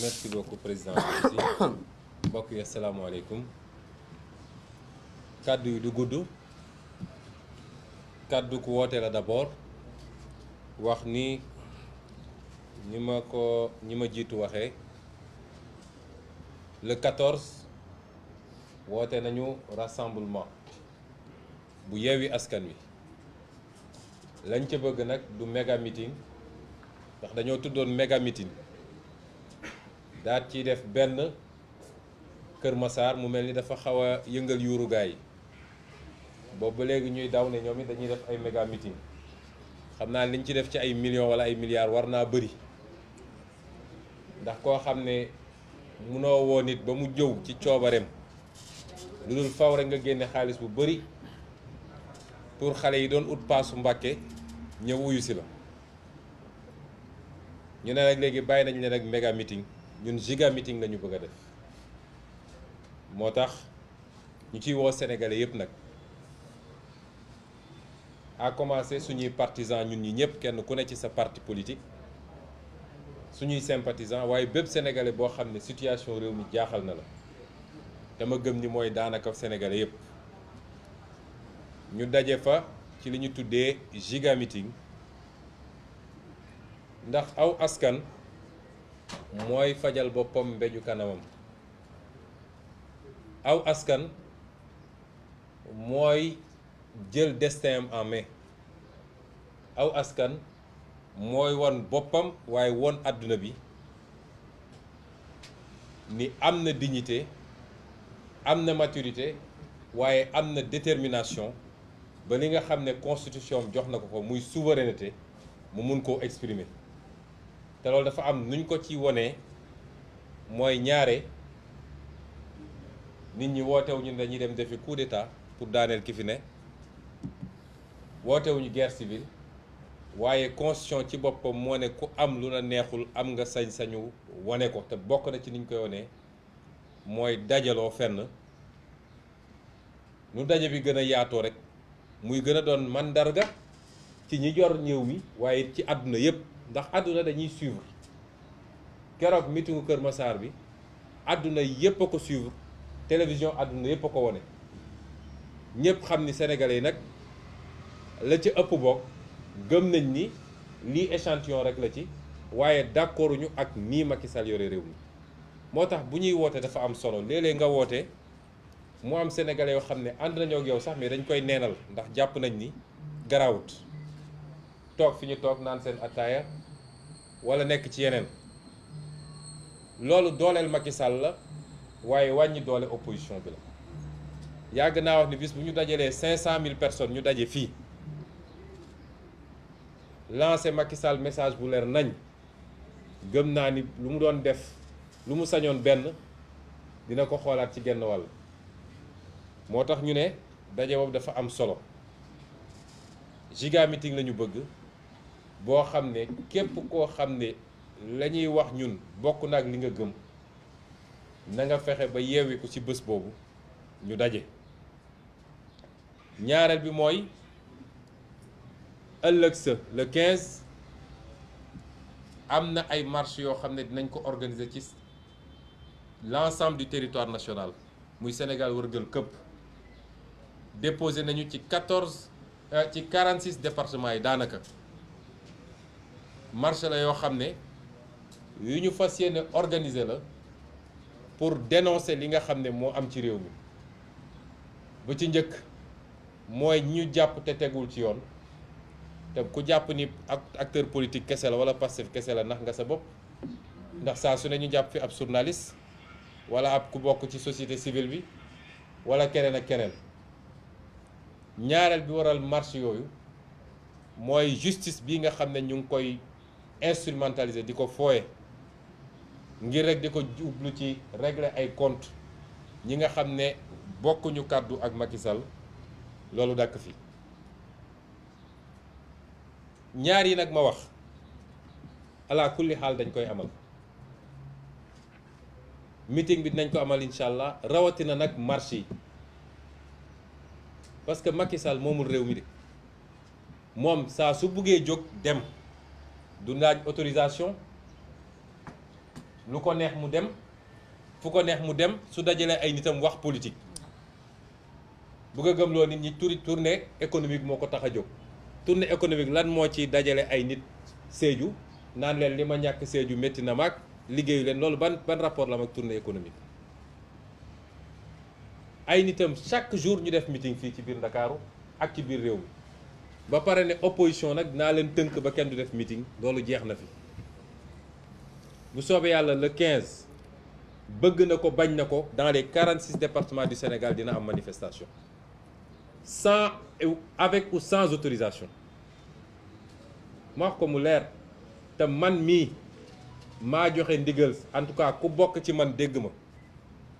merci beaucoup président merci mbokk yi asalaamaaleykum kàddu yi du gudd kàddu ku woote la d'abord wax ni ñi ma ko ñi ma jiitu waxee le 14 woote nañu rassemblement bu yeewi askan wi lañ ca bëgg nag du méga ndax dañoo tuddoon méga daat ciy def benn Kër Massar mu mel ni dafa xaw a yëngal yuuru gaay yi léegi ñuy daw ne ñoom it dañuy def ay méga xam naa liñ ci def ci ay million wala ay milliards war naa bëri ndax koo xam ne mënoo woo it ba mu jëw ci coobareem lu dul faw rek nga génne xaalis bu bari pour xale yi doon ut paasu Mbàkke ñëw wuyu la ñu ne nag léegi bàyyi nañ leen ak méga ñun giga meeting la ñu bëgg a def moo tax ñu ciy woo sénégalais yépp nag à commencer suñuy partisans ñun ñi ñépp kenn ku ne ci sa parti politique suñuy sympathisants waaye bépp sénégalais boo xam ne situation réew mi jaaxal na la dama gëm ni mooy daanaka sénégalais yépp ñu daje fa ci li ñu tuddee giga meeting ndax aw askan. mooy fajal boppam mbeju kanamam aw askan mooy jël destin en mais aw askan mooy wan boppam waaye wan àdduna bi ni am na dignité am na maturité waaye am na détermination ba li nga xam ne constitution jox na ko ko muy souveraineté mu mun koo exprimer te loolu dafa am nuñ ko ci wonee mooy ñaare nit ñi wootewuñu dañuy dem defi coup d'état pour daaneel ki fi ne wootewuñu guerre civile waaye constitution ci boppam moo ne ku am lu la neexul am nga sañ-sañu wone ko te bokk na ci niñ koy wonee mooy dajaloo fenn nu daje bi gën a yaatoo rek muy gën a doon mandarga ci ñi jor ñëw mi waaye ci àdduna yépp ndax àdduna dañuy suivre keroog meetingu Kër Massar bi àdduna yépp a ko suivre télévision àdduna yépp a ko wone ñépp xam ni sénégalais yi nag la ci ëpp bokk gëm nañ ni lii échantillon rek la ci waaye d'accordu ñu ak nii Macky Sall yore réew mi moo tax bu ñuy woote dafa am solo léeg nga woote mu am sénégalais yoo xam ne ànd nañoo ak yow sax mais dañ koy neenal ndax jàpp nañ ni garaawut toog fi ñu toog naan seen attaaya wala nekk ci yeneen loolu dooleel Macky la waaye wàññi doole opposition bi la yàgg naa wax ni bis bu ñu dajalee 500000 personnes ñu daje fii lancer Macky message bu leer nañ gëm naa ni lu mu doon def lu mu sañoon benn dina ko xoolaat ci genn wàll moo tax ñu ne daje boobu dafa am solo giga meeting la ñu bëgg. boo xam ne képp koo xam ne la ñuy wax ñun bokk na ak li nga gëm nanga fexe ba yeewi ko ci bés boobu ñu daje ñaareel bi mooy ëllëg sa le 15 am na ay marche yoo xam ne dinañ ko organiser ci l'ensemble du territoire national muy Sénégal wërgël këpp déposé nañu ci 14 euh, ci 46 départements yi daanaka. marché la yoo xam ne yu ñu fas yéene organiser la pour dénoncer li nga xam ne moo am ci réew mi bu ci njëkk mooy ñu jàpp te tegul ci yoon te ku jàpp ni ak acteur politique kese la wala Pastef kese la ndax nga sa bopp ndax saa su ne ñu jàpp fi ab journaliste wala ab ku bokk ci société civile bi wala keneen a keneen ñaareel bi waral marche yooyu mooy justice bi nga xam ne ñu ngi koy instrumentaliser di ko fooye ngir rek di ko jublu ci régler ay compte ñi nga xam ne bokkuñu kàddu ak Macky loolu dàkk fi ñaar yi nag ma wax ala kulli xaal dañ koy amal meeting bi dañ ko amal incha allah rawatina nag marché yi parce que Macky Sall moomul réew mi de moom saa su buggee jóg dem du laaj autorisation lu ko neex mu dem fu ko neex mu dem su dajalee ay nitam wax politique bëgg a gëmloo nit ñi turi tournée économique moo ko tax a jóg tournée économique lan moo ci dajale ay nit Sédhiou naan leen li ma ñàkk Sédhiou métti na maag liggéeyu leen loolu ban ban rapport la am ak tournée économique ay nitam chaque jour ñu def meeting fii ci biir Ndakaaru ak ci biir réew mi ba pare ne opposition nag naa leen tënk ba kenn du def meeting loolu jeex na fi bu soobee yàlla le quinze bëgg na ko bañ na ko dans les 46 départements du Sénégal dina am manifestation sans avec ou sans autorisation ma wax ko mu leer te man mii maa joxe ndigal en tout cas ku bokk ci man dégg ma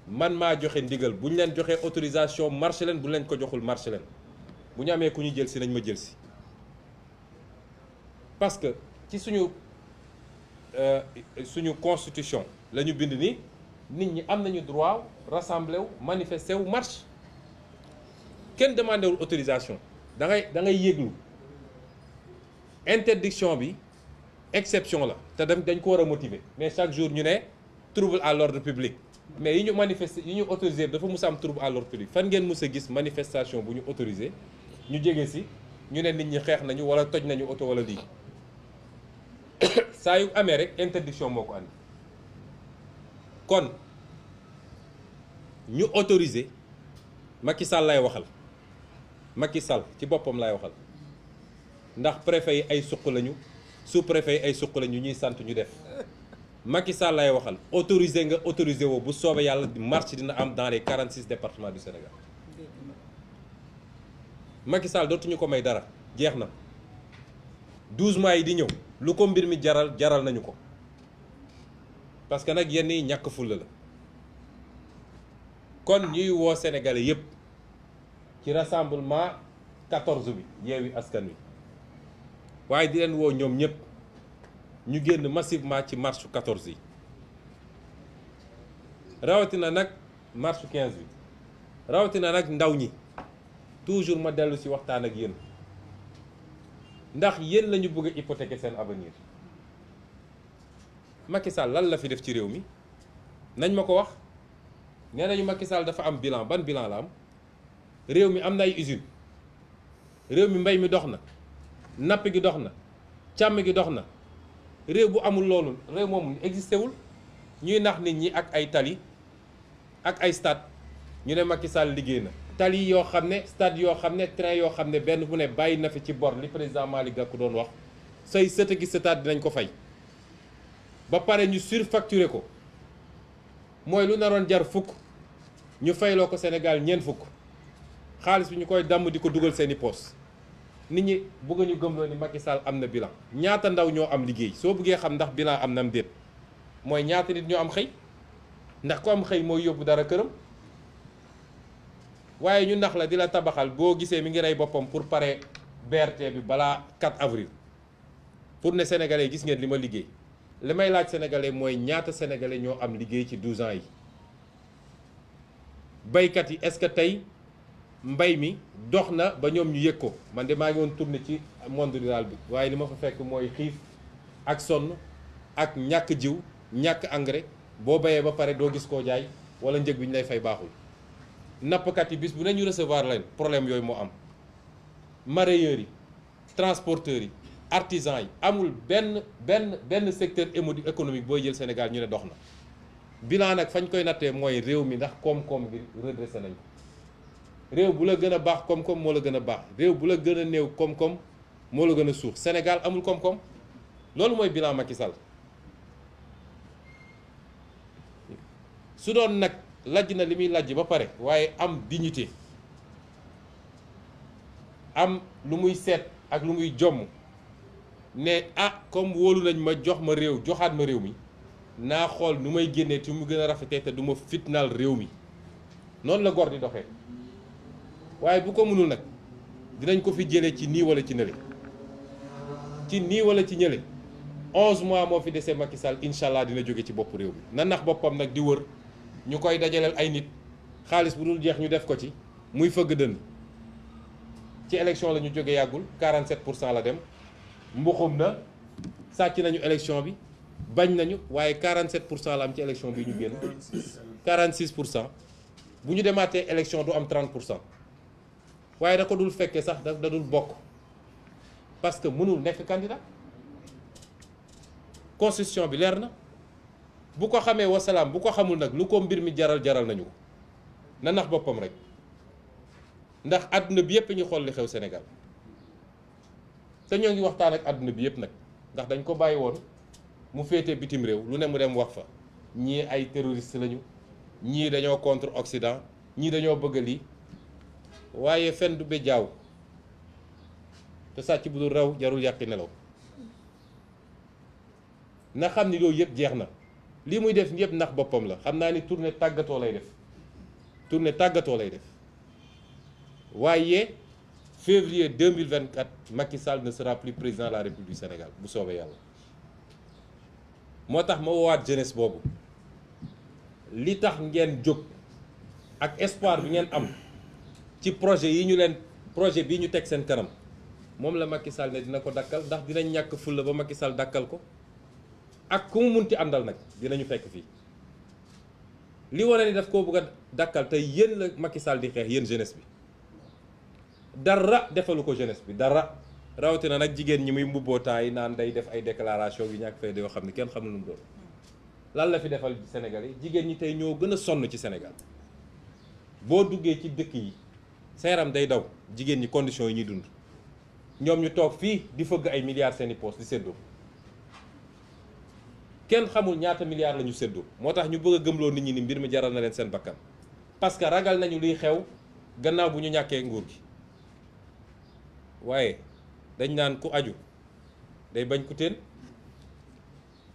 man maa joxe ndigal bu ñu leen joxe autorisation marché leen bu ñu leen ko joxul marché leen. bu ñu amee ku ñu jël si nañ ma jël si parce que ci suñu euh, suñu constitution la ñu bind ni nit ñi am nañu droit rassembler wu manifester wu march kenn demandé wul autorisation dangay ngay da ngay yëglu interdiction bi exception la te dem dañ ko war a motiver mais chaque jour ñu ne trouble à l'ordre public mais yi ñu manifester yi ñu autorisé dafa mus am trouble à l'ordre public fan ngeen mus a gis manifestation bu ñu autorisé ñu jege si ñu ne nit ñi xeex nañu wala toj nañu oto wala lii saa yu amee rek interdiction moo ko andi kon ñu autorisé Macky Sall lay waxal Macky Sall ci boppam laay waxal ndax préfet yi ay suq lañu sous préfet yi ay suq lañu ñuy sant ñu def Macky Sall lay waxal autorisé nga autorisé woo bu soobee yàlla marche dina am dans les 46 départements du Sénégal. Macky Sall dootuñu ko may dara jeex na 12 mois yi di ñëw lu ko mbir mi jaral jaral nañu ko parce que nag yenn yi ñàkk fulla la kon ñuy woo sénégalais yépp ci rassemblement 14 bi yeewi askan wi waaye di leen woo ñoom ñépp ñu génn massivement ci marche 14 yi rawatina nag marche 15 bi rawatina nag ndaw ñi toujours ma dellu ci waxtaan ak yéen ndax yéen lañu ñu bëgg seen avenir Macky Sall lan la fi def ci réew mi nañ ma ko wax nee nañu Macky Sall dafa am bilan ban bilan la am réew mi am na ay usines réew mi mbay mi dox na napp gi dox na càmm gi dox na réew bu amul loolu réew moomu existé wul ñuy nax nit ñi ak ay tali ak ay stade ñu ne Macky Sall liggéey na. tali yoo xam ne stade yoo xam ne train yoo xam ne benn bu ne bàyyi na fi ci bor li président Malick Gakou doon wax say sëtë gi stade dinañ ko fay ba pare ñu surfacturé ko mooy lu naroon jar fukk ñu fayloo ko Sénégal ñeent fukk xaalis bi ñu koy damm di ko dugal seeni poos nit ñi bëgg ñu gëmloo ni Macky Sall am na bilan ñaata ndaw ñoo am liggéey soo bëggee xam ndax bilan am na am déet mooy ñaata nit ñoo am xëy ndax ko am xëy mooy yóbbu dara këram waaye ñu nax la di la tabaxal boo gisee mi ngi rey boppam pour pare BRT bi balaa 4 avril pour ne sénégalais gis ngeen li ma liggéey li may laaj sénégalais mooy ñaata sénégalais ñoo am liggéey ci 12 ans yi baykat yi est-ce que tey mbay mi dox na ba ñoom ñu yëg ko man de maa ngi woon tourné ci monde rural bi waaye li ma fa fekk mooy xiif ak sonn ak ñàkk jiw ñàkk engrais boo bayee ba pare doo gis koo jaay wala njëg bi ñu lay fay baaxul nappkat yi bis bu ne ñu recevoir leen problème yooyu moo am mareyeurs yi transporteurs yi artisans yi amul benn benn benn secteur économique booy jël Sénégal ñu ne dox na bilan nag fañ koy nattee mooy réew mi ndax koom-koom bi redressé nañ réew bu la gën a baax koom-koom moo la gën a baax réew bu la gën a néew koom-koom moo la gën a suux Sénégal amul koom-koom loolu mooy bilan Macky Sall su doon nag lajj na li muy lajj ba pare waaye am dignité am lu muy seet ak lu muy jomm ne ah comme wóolu nañ ma jox ma réew joxaat ma réew mi naa xool nu may génnee ti mu gën a rafetee te du ma fitnaal réew mi noonu la gor di doxee waaye bu ko mënul nag dinañ ko fi jëlee ci nii wala ci nële ci nii wala ci ñële 11 mois moo fi desee Macky Sall incha allah dina jóge ci bopp réew mi na boppam nag di wër. ñu koy dajaleel ay nit xaalis bu dul jeex ñu def ko ci muy fëgg dënn ci élection la ñu jóge yàggul 47 pour cent la dem mbuxum na sàcc nañu élection bi bañ nañu waaye 47 pour cent la am ci élection bi ñu génn 46 pour cent bu ñu demaatee élection du am 30 pour cent waaye da ko dul fekkee sax da dul bokk parce que mënul nekk candidat constitution bi leer na bu ko xamee wasalaam bu ko xamul nag lu ko mbir mi jaral jaral nañu ko na nax boppam rek ndax àdduna bi yëpp ñu xool li xew senegal te ñoo ngi waxtaan ak àdduna bi yëpp nag ndax dañ ko bàyyi woon mu féete bitim réew lu ne mu dem wax fa ñii ay terroriste lañu ñii dañoo contre Occident ñii dañoo bëgg lii waaye fen du be jaaw te sàcc bu dul raw jarul yàqi nelaw na xam ni loolu yëpp jeex na. lii muy def yëpp ndax boppam la xam naa ni tournée tàggatoo lay def tournée tàggatoo lay def waaye février 2024 Macky Sall ne sera plus président de la République du Sénégal bu soobee yàlla moo tax ma woowaat jeunesse boobu li tax ngeen jóg ak espoir bi ngeen am ci projet yi ñu leen projet bii ñu teg seen kanam moom la Macky Sall ne dina ko dakkal ndax dinañ ñàkk fulla ba Macky Sall dakkal ko ak ku mu munti àndal nag dinañu fekk fii li wane ni daf koo bugga dakkal dàkkal te yéen la Macky di xeex yéen jeunesse bi dara defalu ko jeunesse bi dara rawatina nag jigéen ñi muy mbubboo temps yi naan day def ay déclaration yu ñàkk fay yoo xam ne kenn xam lu mu doon lan la fi defal Sénégal yi jigéen ñi tey ñoo gën a sonn ci senegal boo duggee ci dëkk yi sa yaram day daw jigéen ñi conditions yi ñuy dund ñoom ñu toog fii di fëgg ay milliards seeni poos di séddoo kenn xamul ñaata milliards la ñu séddoo moo tax ñu bëgg a gëmloo nit ñi ni mbir mi jaral na leen seen bakkan parce que ragal nañu luy xew gannaaw bu ñu ñàkkee nguur gi waaye dañ naan ku aju day bañ ku teen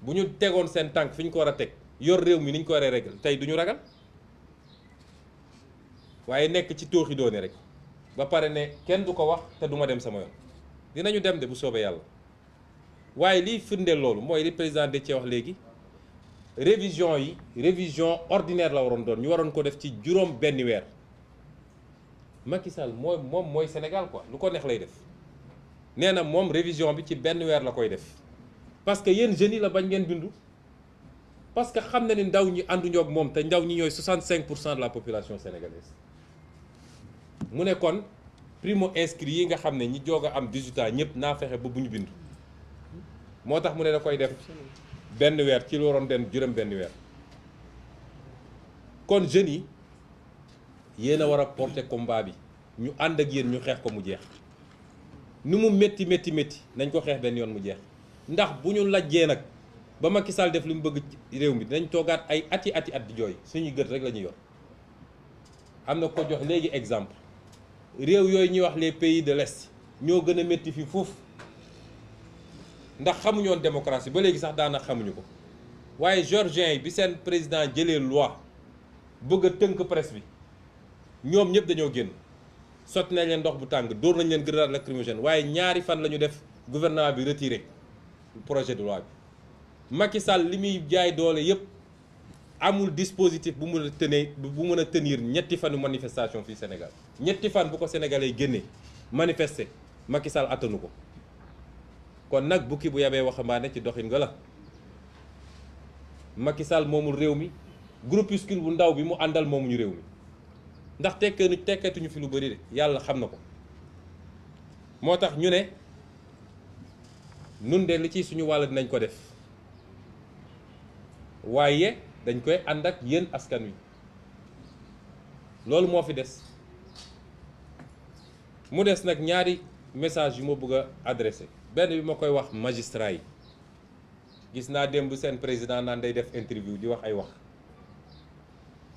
bu ñu tegoon seen tànk fi ñu ko war a teg yor réew mi ni ñu ko waree régal tey du ñu ragal waaye nekk ci tooxi doone rek ba pare ne kenn du ko wax te duma dem sama yoon dinañu dem de bu soobee yàlla waaye liy firndeel loolu mooy li président Déthié wax léegi révision yi révision ordinaire la waroon doon ñu waroon ko def ci juróom benn weer Macky Sall mooy moom mooy Sénégal quoi lu ko neex lay def nee na moom révision bi ci benn weer la koy def parce que yéen jeunes yi la bañ ngeen bindu parce que xam na ni ndaw ñi ànduñoo ak moom te ndaw ñi ñooy 65 pour cent de la population sénégalaise mu ne kon primo inscrit yi nga xam ne ñi joog am 18 ans ñëpp naa fexe ba bu ñu bindu moo tax mu ne da koy def benn weer ci lu waroon den juróom benn weer kon jeunes yi yéen a war a porter bi ñu ànd ak yéen ñu xeex ko mu jeex nu mu métti métti métti nañ ko xeex benn yoon mu jeex ndax bu ñu lajjee nag ba Macky Sall def li mu bëgg réew mi dañ toogaat ay ati ati at jooy suñuy gët rek la ñuy yor am na ko jox léegi exemple réew yooyu ñuy wax les pays de l'Est ñoo gën a métti fi fuuf ndax xamuñu woon démocratie ba léegi sax daana xamuñu ko waaye georgien yi bi seen président jëlee loi bëgg a tënk presse bi ñoom ñëpp dañoo génn sotti nañ leen ndox bu tàng dóor nañ leen grenade lacrymogène waaye ñaari fan la ñu def gouvernement bi retiré projet de loi bi Macky li muy jaay doole yëpp amul dispositif bu mën a tenir bu mën a tenir ñetti fanu manifestation fii Sénégal ñetti fan bu ko sénégalais génnee manifester Macky Sall attanu ko kon nag bukki bu yabee waxambaane ci doxin nga la Macky moomul réew mi groupuscule bu ndaw bi mu àndal moomuñu réew mi ndax tekkeenu tekkeetuñu fi lu bari de yàlla xam na ko moo tax ñu ne nun de li ci suñu wàll dinañ ko def waaye dañ koy ànd ak yéen askan wi loolu moo fi des mu des nag ñaari message yu ma bëgg a adressé benn bi ma koy wax magistrat yi gis naa démb seen président naan day def interview di wax ay wax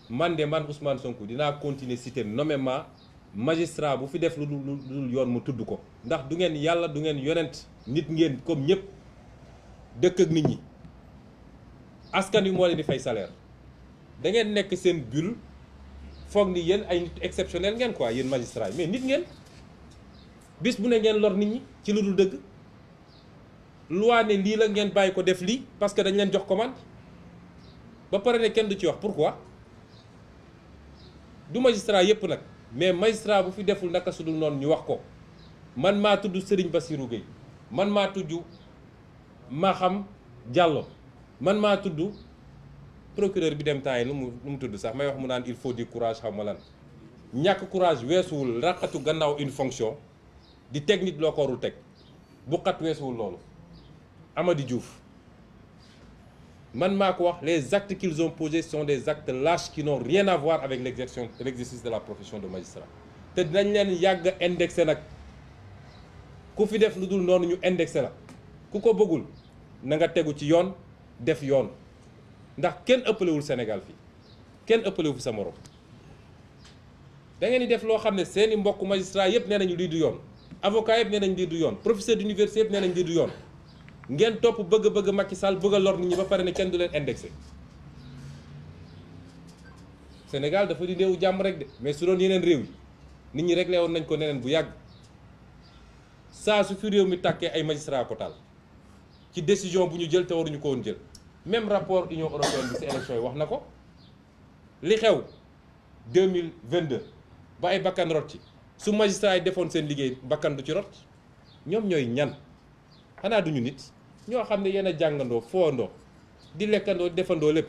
man de man Ousmane Sonko dinaa continuer citer nommément magistra bu fi def lu dul yoon mu tudd ko ndax du ngeen yàlla du ngeen yonent nit ngeen comme ñëpp dëkk ak nit ñi askan wi moo leen di fay salaire da ngeen nekk seen bulle foog ni yéen ay nit exceptionnel ngeen quoi yen magistrat yi mais nit ngeen bis bu ne ngeen lor nit ñi ci lu dul dëgg loi ne lii la ngeen bàyyi ko def lii parce que dañ leen jox commande ba pare ne kenn du ci wax pourquoi du magistrat yépp nag mais magistrat bu fi deful naka su dul noonu ñu wax ko man maa tudd Serigne Bassirou Gueye man maa tudd xam Diallo man maa tudd procureur bi dem temps yi lu mu lu tudd sax may wax mu naan il faut di courage xaw ma lan ñàkk courage weesuwul raqatu gannaaw une fonction di teg nit loo ko warul teg bu xat weesuwul loolu Amady Diouf man maa ko wax les actes qu'ils ont posés sont des actes lâches qui n'ont rien à voir avec l'exercice l'exercice de la profession de magistrat te dinañ leen yàgg indexé nag ku fi def lu dul noonu ñu indexé la ku ko bëggul na nga tegu ci yoon def yoon ndax kenn ëppalewul Sénégal fii kenn ëppalewu fi sa morom da ngeen di def loo xam ne seeni mbokk magistrat yépp nee nañu lii du yoon avocat yëpp nee nañ lii du yoon professeur d'université yëpp nee nañ lii du yoon ngeen topp bëgg bëgg Macky Sall bëgg a lor nit ñi ba pare ne kenn du leen indexé Sénégal dafa di réewu jàmm rek de mais su doon yeneen réew yi nit ñi réglé woon nañ ko neneen bu yàgg saa su fi réew mi tàkkee ay magistrat ko taal ci décision bu ñu jël te waruñu ko woon jël même rapport Union européenne bi si élection yi wax na ko li xew 2022 ba ay bakkan rot su magistrat yi defoon seen liggéey bakkan du ci rot ñoom ñooy ñan xanaa duñu nit ñoo xam ne yéen a jàngandoo foondoo di lekkandoo defandoo lépp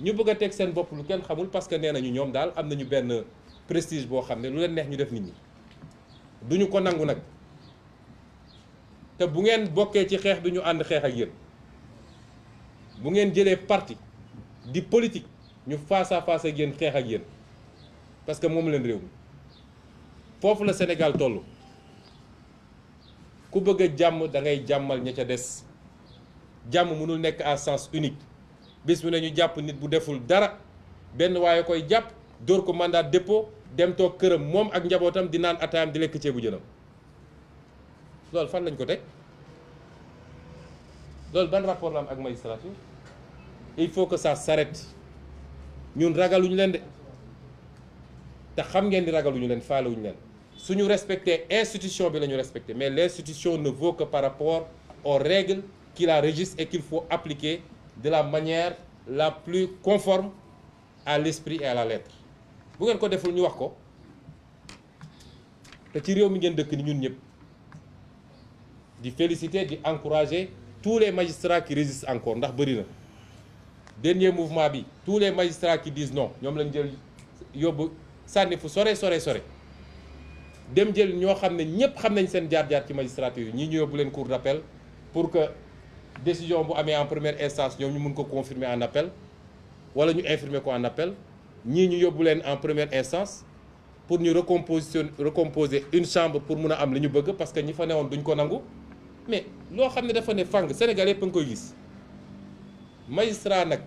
ñu bëgg a teg seen bopp lu kenn xamul parce que nee nañu ñoom daal am nañu benn prestige boo xam ne lu leen neex ñu def nit ñi duñu ko nangu nag te bu ngeen bokkee ci xeex ñu ànd xeex ak yéen bu ngeen jëlee parti di politique ñu face à face ak xeex ak yéen parce que moom leen réew mi foofu la Sénégal toll ku bëgg jàmm dangay jàmmal ña ca des jàmm mënul nekk à sens unique bis mu ne ñu jàpp nit bu deful dara benn waaye koy jàpp dóor ko mandat dépôt dem toog këram moom ak njabootam di naan ataayam di lekk ceebu jënam loolu fan lañ ko teg loolu ban rapport la ak magistrature il faut que ça saret ñun ragaluñu leen de te xam ngeen ni ragaluñu leen faalewuñu leen su ñu respecter institution bi la ñu respecter mais l'institution ne vaut que par rapport aux règles qui la régissent et il faut appliquer de la manière la plus conforme à l'esprit et à la lettre bu ngeen ko deful ñu wax ko te ci réew mi ngeen dëkk ni ñun ñëpp di féliciter di encourager tous les magistrats qui résistent encore ndax bëri na dernier mouvement bi tous les magistrats qui disent non ñoom lañ jël yóbbu sànni fu sore sore sore dem jël ñoo xam ne ñëpp xam nañ seen jaar-jaar ci magistrature yi ñii ñu yóbbu leen cour d'appel pour que décision bu amee en première instance ñoom ñu mun ko confirmer en appel wala ñu infirmer ko en appel ñii ñu yóbbu leen en première instance pour ñu recomposition recomposer une chambre pour mun a am li ñu bëgg parce que ñi fa newoon duñ ko nangu mais loo xam ne dafa ne fàng Sénégal yëpp nga koy gis magistrat nag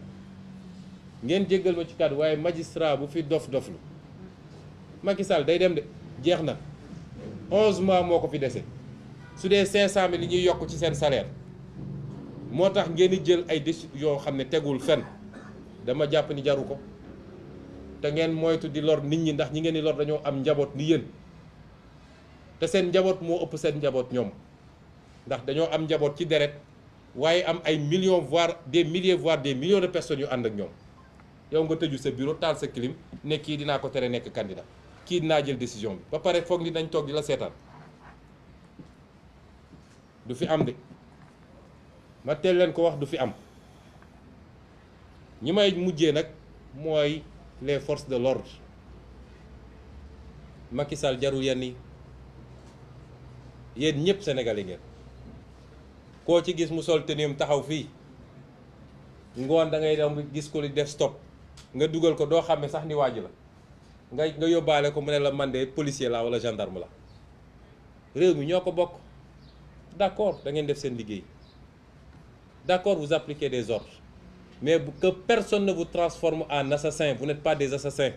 ngeen jéggal ma ci kàddu waaye magistra bu fi dof doflu Macky Sall day dem de jeex na onze mois moo ko fi dese su dee cinq cent mille li ñuy yokk ci seen salaire moo tax ngeen di jël ay décisions yoo xam ne tegul fen dama jàpp ni jaru ko te ngeen moytu di lor nit ñi ndax ñi ngeen di lor dañoo am njaboot ni yéen te seen njaboot moo ëpp seen njaboot ñoom ndax dañoo am njaboot ci deret waaye am ay million voire des milliers voire des millions de personnes yu ànd ak ñoom yow nga tëju sa bureau taal sa clim ne kii dinaa ko tere nekk candidat kii naa jël décision bi ba pare foog ni nañ toog di la seetaan du fi am de ma teel leen ko wax du fi am ñi may mujjee nag mooy les force de l'ordre Macky Sall jarul yenn yi yéen ñëpp sénégalais ngeen koo ci gis mu sol tenue taxaw fii ngoon da ngay dem gis ko li def nga dugal ko doo xam sax ni waaj la. nga nga yóbbaale ko mu ne la man de policier la wala gendarme la réew mi ñoo ko bokk d'accord da ngeen def seen liggéey d'accord vous appliquez des ordres mais que personne ne vous transforme en assassin bu n'êtes pas des assassins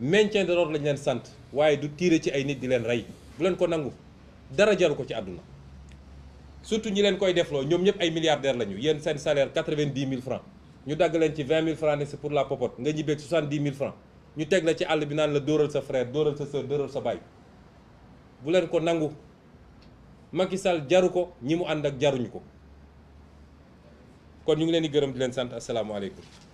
maintien de l'ordre lañ leen sant waaye du tiire ci ay nit di leen rey bu leen ko nangu dara jaru ko ci àdduna surtout ñi leen koy defloo ñoom ñëpp ay milliardaires lañu yéen seen salaire quatre-vingt-dix mille francs ñu dagg leen ci vingt mille francs ne pour la popote nga ñibbeeg soixante-dix mille francs ñu teg la ci àll bi naan la dóoral sa frère dóoral sa sœur dóoral sa baay bu leen ko nangu Macky Sall jaru ko ñi mu ànd ak jaruñu ko kon ñu ngi leen di gërëm di leen sant asalaamaaleykum